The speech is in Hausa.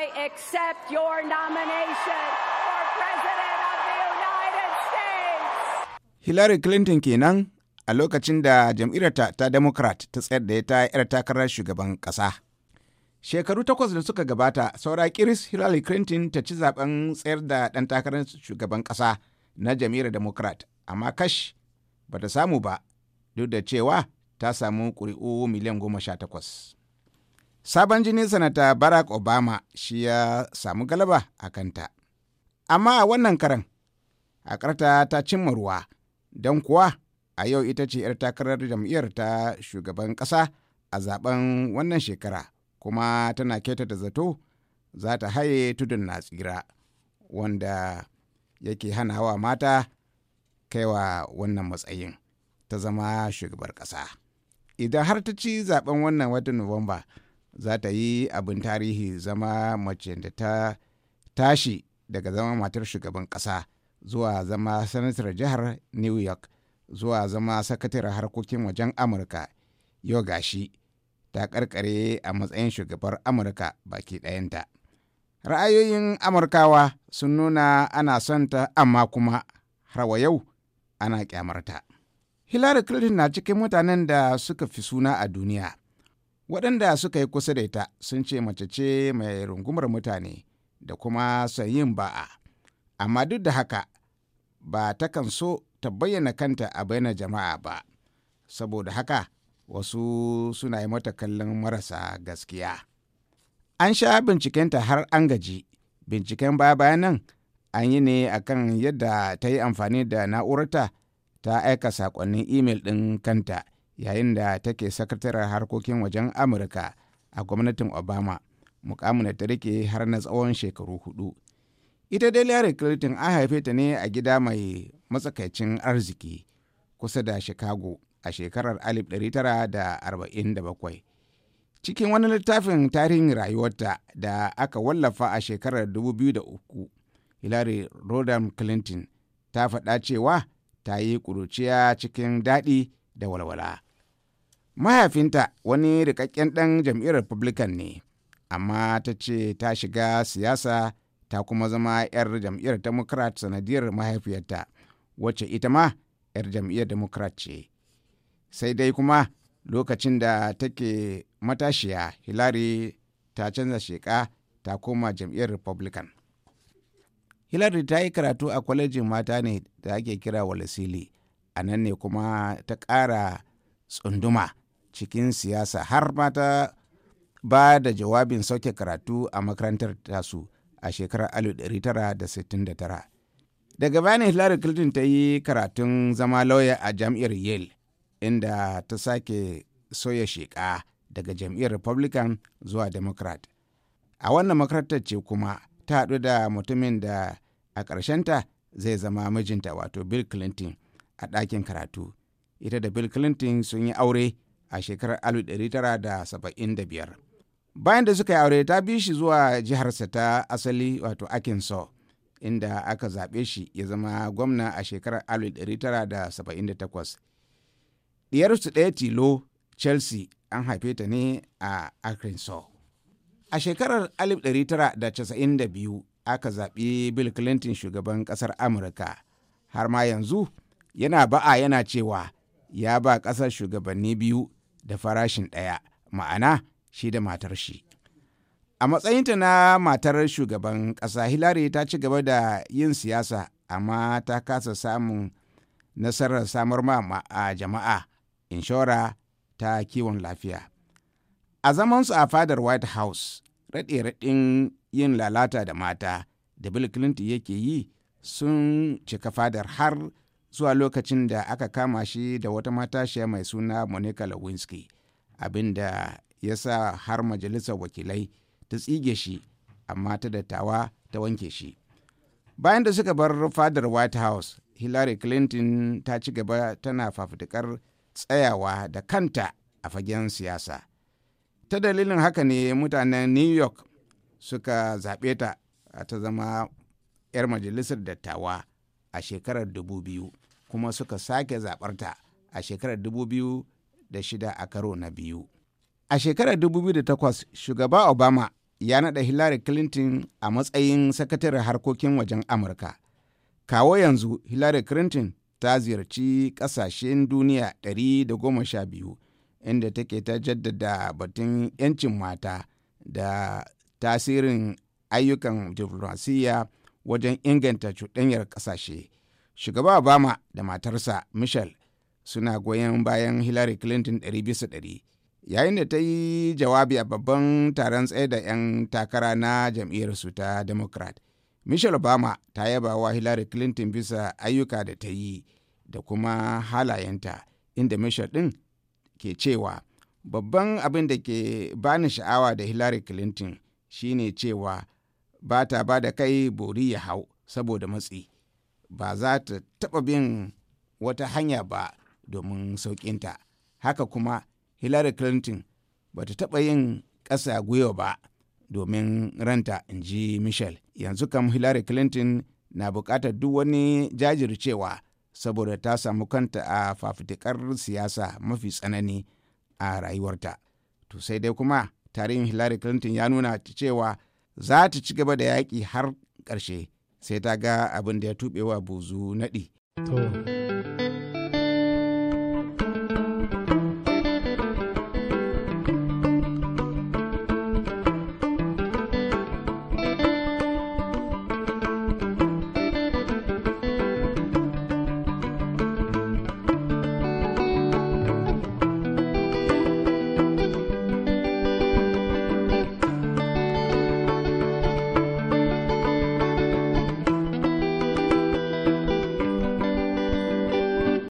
I accept your nomination for President of the United States. Hillary Clinton kenan a lokacin da jam'iyyarta ta Democrat ta tsayar da ta yar takarar shugaban ƙasa. Shekaru takwas da suka gabata, saura kiris Hillary Clinton ta ci zaben tsayar da ɗan takarar shugaban ƙasa na jam'iyyar Democrat, amma kash ba ta samu ba, duk da cewa ta samu ƙuri'u miliyan goma sha takwas. sabon jini sanata barack obama shi ya samu galaba a kanta amma a wannan karan karta ta cimma ruwa don kuwa a yau ita ce 'yar takarar jam'iyyar ta shugaban ƙasa a zaben wannan shekara kuma tana keta da zato za ta haye tudun na tsira wanda yake hanawa mata kaiwa wannan matsayin ta zama shugabar ƙasa idan har ta ci zaben wannan watan nuwamba za ta yi abin tarihi zama mace da ta tashi daga zama matar shugaban ƙasa zuwa zama sanatar jihar new york zuwa zama sakataren harkokin wajen amurka yau gashi ta karkare a matsayin shugabar amurka baki ɗayanta ra'ayoyin amurkawa sun nuna ana son ta amma kuma har wa yau ana kyamarta hillary clinton na cikin mutanen da suka fi suna a duniya waɗanda suka yi kusa da ita sun ce mace ce mai rungumar mutane da kuma yin ba'a amma duk da haka ba ta kan so ta bayyana kanta a bayyana jama'a ba saboda haka wasu suna yi mata kallon marasa gaskiya an sha bincikenta har an gaji binciken baya bayan nan an yi ne akan yadda ta yi amfani da na'urarta ta aika saƙonnin imel ɗin kanta yayin da take sakataren harkokin wajen amurka a gwamnatin obama mukamin da ta rike har na tsawon shekaru hudu ita dai larry clinton an haife ta ne a gida mai matsakaicin arziki kusa da chicago a shekarar 1947 cikin wani littafin tarihin rayuwarta da aka wallafa a shekarar 2003 hillary rodham clinton ta faɗa cewa ta yi ƙuruciya cikin daɗi da walwala. mahaifinta wani rikakken ɗan jam'iyyar republican ne amma ta ce ta shiga siyasa ta kuma zama 'yar jam'iyyar democrat sanadiyar mahaifiyarta wacce ita ma 'yar jam'iyyar democrat ce sai dai kuma lokacin da take matashiya hillary ta canza sheka ta koma jam'iyyar republican hillary ta yi karatu a kwalejin mata ne da ake kira walisili a nan ne kuma ta ƙara tsunduma cikin siyasa har ma ta ba da jawabin sauke karatu a makarantar tasu a shekarar 1969 daga bayan hillary clinton ta yi karatun zama lauya a jam'iyyar yale inda ta sake soya sheka daga jam'iyyar republican zuwa democrat a wannan makarantar ce kuma ta haɗu da mutumin da a ƙarshenta zai zama mijinta wato bill clinton a ɗakin karatu ita da bill clinton sun yi aure a shekarar 1975 bayan da suka yi aure ta bi shi zuwa jiharsa ta asali wato akinso inda aka zaɓe shi ya zama gwamna a shekarar 1978 ɗiyarsu ɗaya tilo chelsea an haife ta ne a akinso a shekarar 1992 aka zaɓi bill clinton shugaban ƙasar amurka har ma yanzu yana ba'a yana cewa ya ba ƙasar shugabanni biyu da farashin ɗaya ma'ana shi da matar shi a matsayinta na matar shugaban ƙasa hillary ta ci gaba da yin siyasa amma ta kasa samun nasarar samar ma a jama'a inshora ta kiwon lafiya a zamansu a fadar white house raɗe-raɗin yin lalata da mata da bill clinton yake yi sun cika fadar har zuwa lokacin da aka kama shi da wata matashiya mai suna monica lewinsky da ya sa har majalisar wakilai ta tsige shi amma ta dattawa ta wanke shi bayan da suka bar fadar white house hillary clinton ta ci gaba tana fafutukar tsayawa da kanta a fagen siyasa ta dalilin haka ne mutanen new york suka zaɓe ta ta zama 'yar majalisar dattawa a shekarar 2000 kuma suka sake zabarta a shekarar 2006 a karo na biyu. A shekarar 2008 shugaba Obama ya naɗa Hillary Clinton a matsayin sakataren harkokin wajen Amurka. Kawo yanzu Hillary Clinton ta ziyarci ƙasashen duniya 112 inda take ta jaddada batun 'yancin mata da tasirin ayyukan diflomasiyya wajen inganta cuɗanyar ƙasashe. Shugaba Obama da matarsa Michelle suna goyon bayan Hillary Clinton ɗari bisa ɗari. Yayin da ta yi jawabi a babban taron tsaye da 'yan takara na jam'iyyar su ta Democrat. Michelle Obama ta yaba wa Hillary Clinton bisa ayyuka da ta yi da kuma halayenta inda Michelle ɗin ke cewa babban abin da ke bani sha'awa da Hillary Clinton shine cewa ba ta ba da kai bori ya hau saboda matsi ba za ta taɓa bin wata hanya ba domin sauƙinta haka kuma hillary clinton ba ta taɓa yin ƙasa gwiwa ba domin ranta in ji michel yanzu kam hillary clinton na buƙatar duk wani jajircewa saboda ta samu kanta a fafutukar siyasa mafi tsanani a rayuwarta to sai dai kuma tarihin hillary clinton ya nuna cewa za ta ci gaba da yaƙi har ƙarshe sai ta ga abin da ya tuɓe wa buzu naɗi.